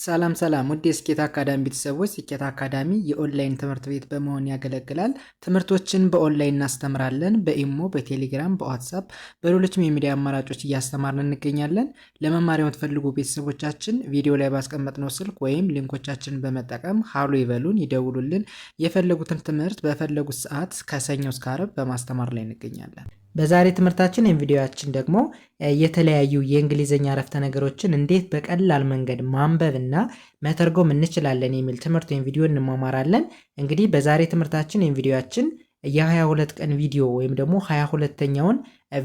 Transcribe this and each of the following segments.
ሰላም ሰላም ውድ የስኬት አካዳሚ ቤተሰቦች፣ ስኬት አካዳሚ የኦንላይን ትምህርት ቤት በመሆን ያገለግላል። ትምህርቶችን በኦንላይን እናስተምራለን። በኢሞ፣ በቴሌግራም፣ በዋትሳፕ፣ በሌሎችም የሚዲያ አማራጮች እያስተማርን እንገኛለን። ለመማሪያ የምትፈልጉ ቤተሰቦቻችን ቪዲዮ ላይ ባስቀመጥነው ስልክ ወይም ሊንኮቻችንን በመጠቀም ሀሎ ይበሉን፣ ይደውሉልን። የፈለጉትን ትምህርት በፈለጉት ሰዓት ከሰኞ እስከ ዓርብ በማስተማር ላይ እንገኛለን። በዛሬ ትምህርታችን ወይም ቪዲዮያችን ደግሞ የተለያዩ የእንግሊዝኛ አረፍተ ነገሮችን እንዴት በቀላል መንገድ ማንበብ እና መተርጎም እንችላለን የሚል ትምህርት ወይም ቪዲዮ እንማማራለን። እንግዲህ በዛሬ ትምህርታችን ወይም ቪዲዮያችን የ22 ቀን ቪዲዮ ወይም ደግሞ 22ተኛውን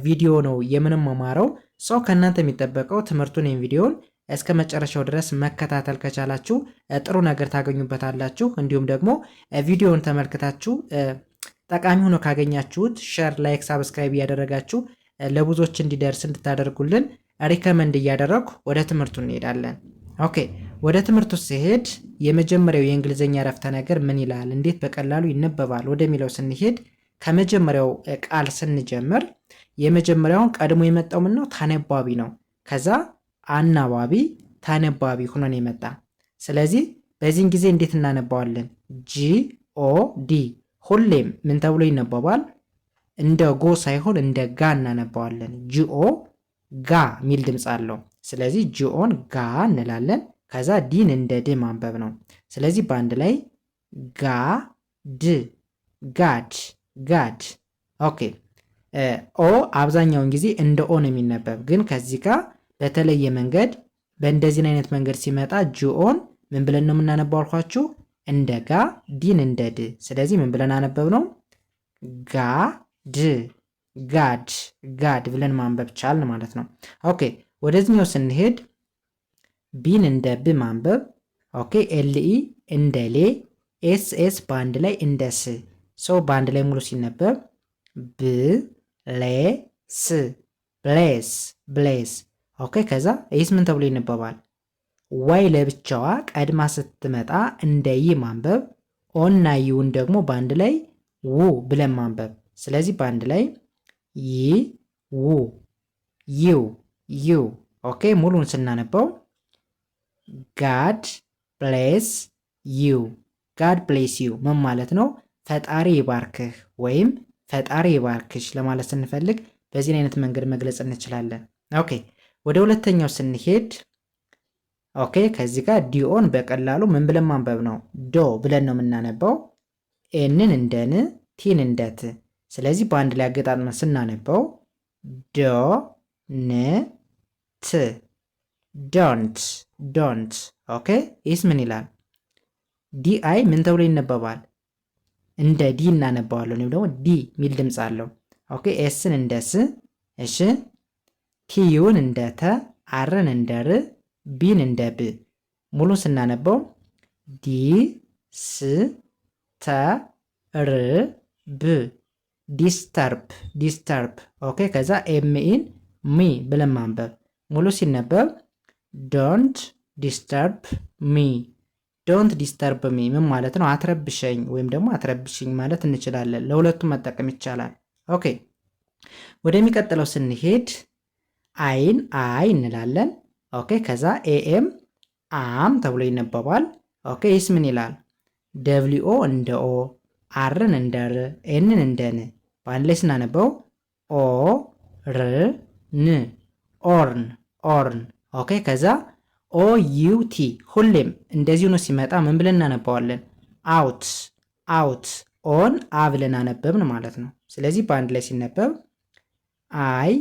ቪዲዮ ነው የምንማማረው። ሰው ከእናንተ የሚጠበቀው ትምህርቱን ወይም ቪዲዮን እስከ መጨረሻው ድረስ መከታተል ከቻላችሁ ጥሩ ነገር ታገኙበታላችሁ። እንዲሁም ደግሞ ቪዲዮውን ተመልክታችሁ ጠቃሚ ሆኖ ካገኛችሁት ሸር፣ ላይክ፣ ሳብስክራይብ እያደረጋችሁ ለብዙዎች እንዲደርስ እንድታደርጉልን ሪከመንድ እያደረግኩ ወደ ትምህርቱ እንሄዳለን። ኦኬ ወደ ትምህርቱ ስሄድ የመጀመሪያው የእንግሊዝኛ ረፍተ ነገር ምን ይላል፣ እንዴት በቀላሉ ይነበባል ወደሚለው ስንሄድ ከመጀመሪያው ቃል ስንጀምር የመጀመሪያውን ቀድሞ የመጣው ምን ነው? ተነባቢ ነው። ከዛ አናባቢ ተነባቢ ሆኖን የመጣ ስለዚህ በዚህን ጊዜ እንዴት እናነባዋለን? ጂ ኦ ዲ ሁሌም ምን ተብሎ ይነበባል? እንደ ጎ ሳይሆን እንደ ጋ እናነባዋለን። ጂኦ ጋ የሚል ድምፅ አለው። ስለዚህ ጂኦን ጋ እንላለን። ከዛ ዲን እንደ ድ ማንበብ ነው። ስለዚህ በአንድ ላይ ጋ ድ ጋድ ጋድ። ኦኬ ኦ አብዛኛውን ጊዜ እንደ ኦ ነው የሚነበብ፣ ግን ከዚህ ጋር በተለየ መንገድ በእንደዚህን አይነት መንገድ ሲመጣ ጂኦን ምን ብለን ነው የምናነባው አልኳችሁ? እንደ ጋ ዲን እንደ ድ። ስለዚህ ምን ብለን አነበብ ነው? ጋ ድ ጋድ ጋድ ብለን ማንበብ ቻልን ማለት ነው። ኦኬ ወደዚህኛው ስንሄድ ቢን እንደ ብ ማንበብ ኦኬ። ኤልኢ እንደ ሌ፣ ኤስ ኤስ በአንድ ላይ እንደ ስ። ሶ በአንድ ላይ ሙሉ ሲነበብ ብ ሌ ስ ብሌስ ብሌስ። ኦኬ ከዛ ይህስ ምን ተብሎ ይነበባል? ዋይ ለብቻዋ ቀድማ ስትመጣ እንደ ይ ማንበብ ኦና ይውን ደግሞ በአንድ ላይ ው ብለን ማንበብ። ስለዚህ በአንድ ላይ ይ ው ይው ዩ። ኦኬ ሙሉን ስናነበው ጋድ ብሌስ ዩ ጋድ ብሌስ ዩ ምን ማለት ነው? ፈጣሪ ይባርክህ ወይም ፈጣሪ ይባርክሽ ለማለት ስንፈልግ በዚህን አይነት መንገድ መግለጽ እንችላለን። ኦኬ ወደ ሁለተኛው ስንሄድ ኦኬ ከዚህ ጋር ዲኦን በቀላሉ ምን ብለን ማንበብ ነው? ዶ ብለን ነው የምናነባው። ኤንን እንደ ን፣ ቲን እንደ ት። ስለዚህ በአንድ ላይ አገጣጥመን ስናነበው ዶ ን ት ዶንት ዶንት። ኦኬ ይህስ ምን ይላል? ዲአይ ምን ተብሎ ይነበባል? እንደ ዲ እናነባዋለን ወይም ደግሞ ዲ ሚል ድምፅ አለው። ኦኬ ኤስን እንደ ስ፣ እሺ ቲዩን እንደ ተ፣ አርን እንደ ር ቢን እንደ ብ ሙሉ ስናነበው ዲ ስ ተ ር ብ ዲስተርፕ ዲስተርፕ። ኦኬ ከዛ ኤምኢን ሚ ብለን ማንበብ ሙሉ ሲነበብ ዶንት ዲስተርፕ ሚ ዶንት ዲስተርብ ሚ ምን ማለት ነው? አትረብሸኝ ወይም ደግሞ አትረብሽኝ ማለት እንችላለን። ለሁለቱም መጠቀም ይቻላል። ኦኬ ወደሚቀጥለው ስንሄድ አይን አይ እንላለን። ኦኬ ከዛ ኤኤም አም ተብሎ ይነበባል። ኦኬ ይስ ምን ይላል? ደብሊኦ እንደ ኦ፣ አርን እንደ ር፣ ኤንን እንደ ን በአንድ ላይ ስናነበው ኦ ር ን ኦርን ኦርን። ኦኬ ከዛ ኦ ዩ ቲ ሁሌም እንደዚሁ ነው ሲመጣ ምን ብለን እናነባዋለን? አውት አውት። ኦን አ ብለን አነበብን ማለት ነው። ስለዚህ በአንድ ላይ ሲነበብ አይ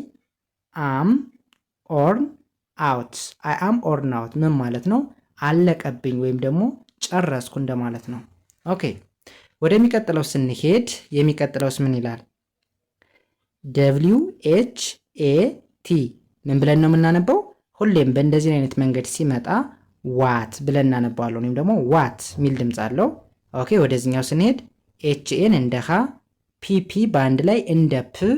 አም ኦርን አውት አይ አም ኦርን አውት ምን ማለት ነው? አለቀብኝ ወይም ደግሞ ጨረስኩ እንደማለት ነው። ኦኬ ወደሚቀጥለው ስንሄድ የሚቀጥለውስ ምን ይላል? ደብሊው ኤች ኤ ቲ ምን ብለን ነው የምናነበው? ሁሌም በእንደዚህ አይነት መንገድ ሲመጣ ዋት ብለን እናነባዋለን፣ ወይም ደግሞ ዋት የሚል ድምፅ አለው። ኦኬ ወደዚህኛው ስንሄድ ኤች ኤን እንደ ሀ ፒፒ በአንድ ላይ እንደ ፕ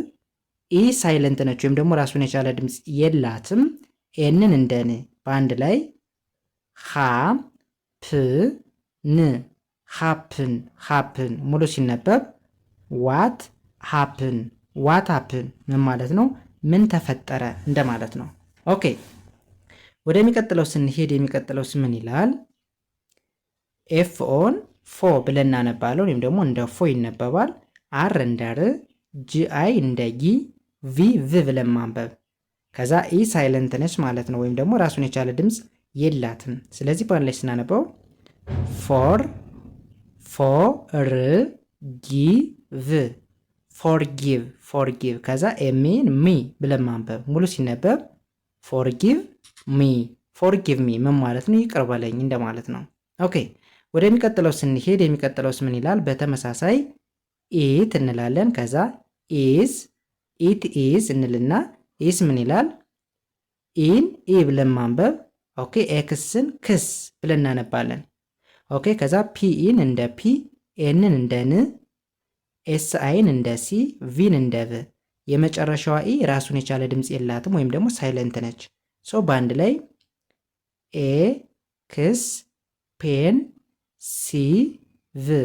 ኢ ሳይለንት ነች፣ ወይም ደግሞ ራሱን የቻለ ድምፅ የላትም። ኤንን እንደ ን በአንድ ላይ ሀ ፕ ን ሀፕን ሀፕን ሙሉ ሲነበብ ዋት ሀፕን ዋት ሀፕን ምን ማለት ነው? ምን ተፈጠረ እንደማለት ነው። ኦኬ ወደ የሚቀጥለው ስንሄድ የሚቀጥለው ምን ይላል? ኤፍ ኦን ፎ ብለን እናነባለን፣ ወይም ደግሞ እንደ ፎ ይነበባል። አር እንደ ር፣ ጂ አይ እንደ ጊ፣ ቪ ቭ ብለን ማንበብ ከዛ ኢ ሳይለንት ነች ማለት ነው፣ ወይም ደግሞ ራሱን የቻለ ድምፅ የላትም። ስለዚህ በአንድ ላይ ስናነበው ፎር ፎር ጊቭ ፎርጊቭ ፎርጊቭ ከዛ ኤሚን ሚ ብለን ማንበብ ሙሉ ሲነበብ ፎርጊቭ ሚ ፎርጊቭ ሚ ምን ማለት ነው? ይቅር በለኝ እንደማለት ነው። ኦኬ ወደሚቀጥለው ስንሄድ የሚቀጥለውስ ምን ይላል? በተመሳሳይ ኢት እንላለን። ከዛ ኢዝ ኢት ኢዝ እንልና ኢስ ምን ይላል? ኢን ኢ ብለን ማንበብ ኦኬ። ኤክስን ክስ ብለን እናነባለን። ኦኬ ከዛ ፒ ኢን እንደ ፒ፣ ኤንን እንደ ን፣ ኤስ አይን እንደ ሲ፣ ቪን እንደ ቭ። የመጨረሻዋ ኢ ራሱን የቻለ ድምፅ የላትም ወይም ደግሞ ሳይለንት ነች። ሶ በአንድ ላይ ኤ ክስ ፔን ሲ ቭ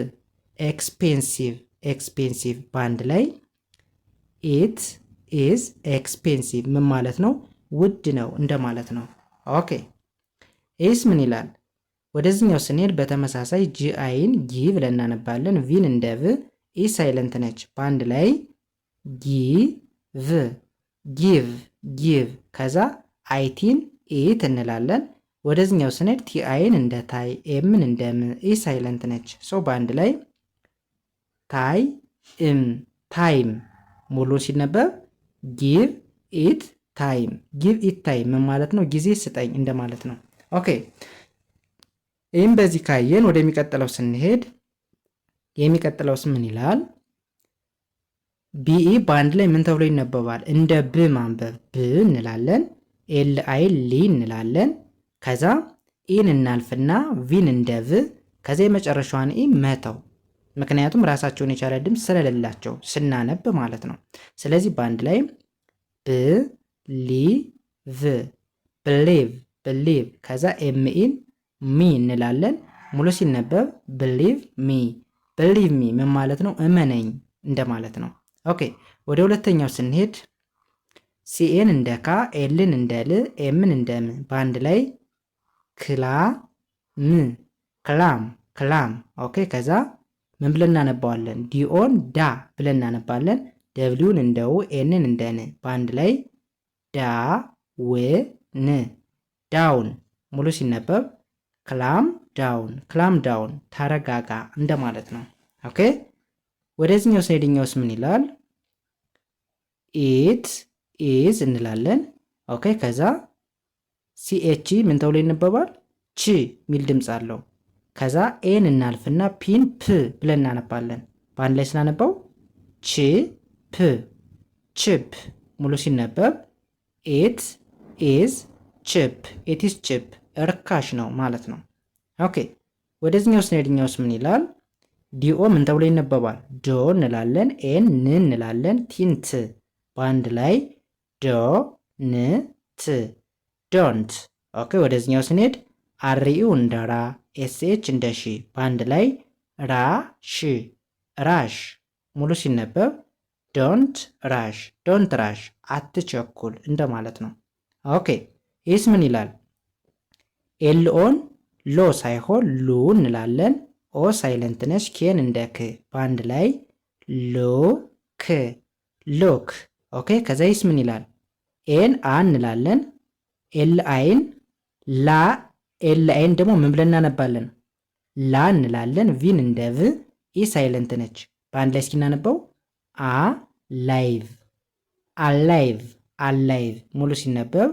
ኤክስፔንሲቭ ኤክስፔንሲቭ በአንድ ላይ ኢት ኢዝ ኤክስፔንሲቭ ምን ማለት ነው? ውድ ነው እንደማለት ነው። ኦኬ ኢስ ምን ይላል? ወደዚህኛው ስንሄድ በተመሳሳይ አይን ጊ ብለን እናነባለን። ቪን እንደ ቭ፣ ኢ ሳይለንት ነች። በአንድ ላይ ጊ ቭ ጊቭ ጊቭ። ከዛ አይቲን ኢት እንላለን። ወደዚኛው ስንሄድ አይን እንደ ታይ፣ ኤምን እንደ ም፣ ኢ ሳይለንት ነች። ሶ በአንድ ላይ ታይ እም ታይም ሙሉ ሲነበብ ጊቭ ኢት ታይም ጊቭ ኢት ታይም ምን ማለት ነው? ጊዜ ስጠኝ እንደማለት ነው። ኦኬ ይህም በዚህ ካየን ወደሚቀጥለው ስንሄድ የሚቀጥለውስ ምን ይላል? ቢኢ በአንድ ላይ ምን ተብሎ ይነበባል? እንደ ብ ማንበብ ብ እንላለን። ኤል አይ ሊ እንላለን። ከዛ ኢን እናልፍና ቪን እንደ ቭ ከዛ የመጨረሻዋን ኢ መተው ምክንያቱም ራሳቸውን የቻለ ድምፅ ስለሌላቸው ስናነብ ማለት ነው። ስለዚህ በአንድ ላይ ብ ሊ ቭ ብሊቭ ብሊቭ ከዛ ኤምኢን ሚ እንላለን። ሙሉ ሲነበብ ብሊቭ ሚ ብሊቭ ሚ ምን ማለት ነው? እመነኝ እንደማለት ነው። ኦኬ ወደ ሁለተኛው ስንሄድ ሲኤን እንደ ካ፣ ኤልን እንደ ል፣ ኤምን እንደ ም በአንድ ላይ ክላ ም ክላም ክላም። ኦኬ ከዛ ምን ብለን እናነባዋለን? ዲኦን ዳ ብለን እናነባለን። ደብሊውን እንደው ኤንን እንደ ን በአንድ ላይ ዳ ው ን ዳውን ሙሉ ሲነበብ ክላም ዳውን ክላም ዳውን ተረጋጋ እንደማለት ነው። ኦኬ ወደዚህኛው ሳይድኛውስ ምን ይላል? ኢት ኢዝ እንላለን። ኦኬ ከዛ ሲኤች ምን ተብሎ ይነበባል? ቺ ሚል ድምፅ አለው። ከዛ ኤን እናልፍና ፒን ፕ ብለን እናነባለን። በአንድ ላይ ስናነባው ች ፕ ቺፕ ሙሉ ሲነበብ ኤት ኢዝ ቺፕ ኤት ኢዝ እርካሽ ነው ማለት ነው። ኦኬ ወደዚኛው ስነድኛውስ ምን ይላል? ዲኦ ምን ተብሎ ይነበባል? ዶ እንላለን፣ ኤን ን እንላለን፣ ቲንት በአንድ ላይ ዶ ን ት ዶንት። ኦኬ ስንሄድ አርኢው እንደ ራ ኤስኤች እንደ ሺ በአንድ ላይ ራ ሺ ራሽ። ሙሉ ሲነበብ ዶንት ራሽ ዶንት ራሽ አትቸኩል እንደማለት ነው። ኦኬ ይህስ ምን ይላል? ኤልኦን ሎ ሳይሆን ሉ እንላለን። ኦ ሳይለንት ነች። ኬን እንደ ክ በአንድ ላይ ሎ ክ ሎክ። ኦኬ ከዛ ይስ ምን ይላል? ኤን አ እንላለን። ኤል አይን ላ ኤል አይን ደግሞ ምን ብለን እናነባለን? ላ እንላለን። ቪን እንደ ቭ፣ ኢ ሳይለንት ነች። በአንድ ላይ እስኪ አ ላይቭ፣ አላይቭ፣ አላይቭ ሙሉ ሲነበብ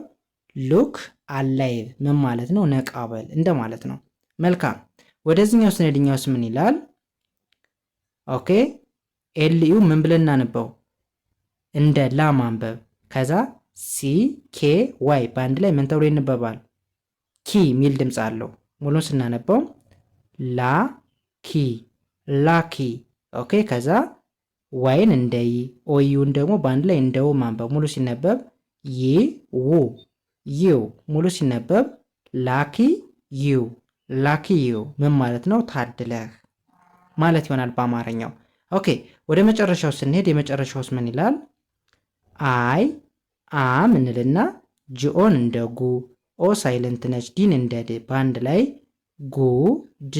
ሉክ አላይቭ ምን ማለት ነው? ነቃበል እንደ ማለት ነው። መልካም ወደዚህኛው ስነድኛውስ ምን ይላል? ኦኬ ኤልዩ ምን ብለን እናንበው? እንደ ላ ማንበብ። ከዛ ሲ ኬ ዋይ በአንድ ላይ ምን ተብሎ ይነበባል? ኪ የሚል ድምፅ አለው። ሙሉን ስናነበው ላ ኪ ላኪ። ኦኬ ከዛ ዋይን እንደይ ኦዩን ደግሞ በአንድ ላይ እንደው ማንበብ። ሙሉ ሲነበብ ይ ው ዩው። ሙሉ ሲነበብ ላኪ ዩ ላኪ ዩ። ምን ማለት ነው? ታድለህ ማለት ይሆናል በአማርኛው። ኦኬ ወደ መጨረሻው ስንሄድ የመጨረሻውስ ምን ይላል? አይ አም እንልና ጅኦን እንደ ጉ ኦ ሳይለንት ነች። ዲን እንደ ድ በአንድ ላይ ጉድ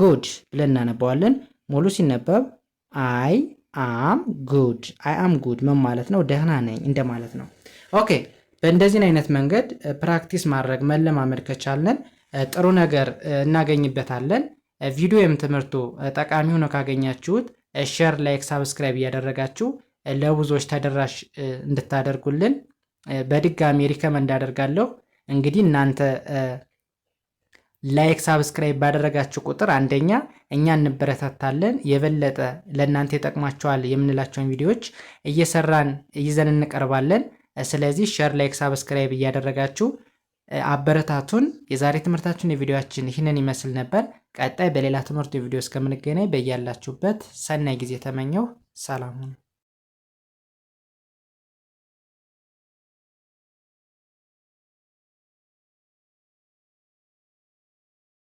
ጉድ ብለን እናነባዋለን። ሙሉ ሲነበብ አይ አም ጉድ አይ አም ጉድ ምን ማለት ነው? ደህና ነኝ እንደማለት ነው። ኦኬ በእንደዚህን አይነት መንገድ ፕራክቲስ ማድረግ መለማመድ ከቻለን ጥሩ ነገር እናገኝበታለን። ወይም ትምህርቱ ጠቃሚ ሆኖ ካገኛችሁት ሼር፣ ላይክ፣ ሳብስክራይብ እያደረጋችሁ ለብዙዎች ተደራሽ እንድታደርጉልን በድጋሚ ሪከመንድ አደርጋለሁ። እንግዲህ እናንተ ላይክ ሳብስክራይብ ባደረጋችሁ ቁጥር አንደኛ እኛ እንበረታታለን፣ የበለጠ ለእናንተ ይጠቅማቸዋል የምንላቸውን ቪዲዮዎች እየሰራን ይዘን እንቀርባለን። ስለዚህ ሸር፣ ላይክ፣ ሳብስክራይብ እያደረጋችሁ አበረታቱን። የዛሬ ትምህርታችን የቪዲዮችን ይህንን ይመስል ነበር። ቀጣይ በሌላ ትምህርት የቪዲዮ እስከምንገናኝ በያላችሁበት ሰናይ ጊዜ ተመኘው። ሰላሙን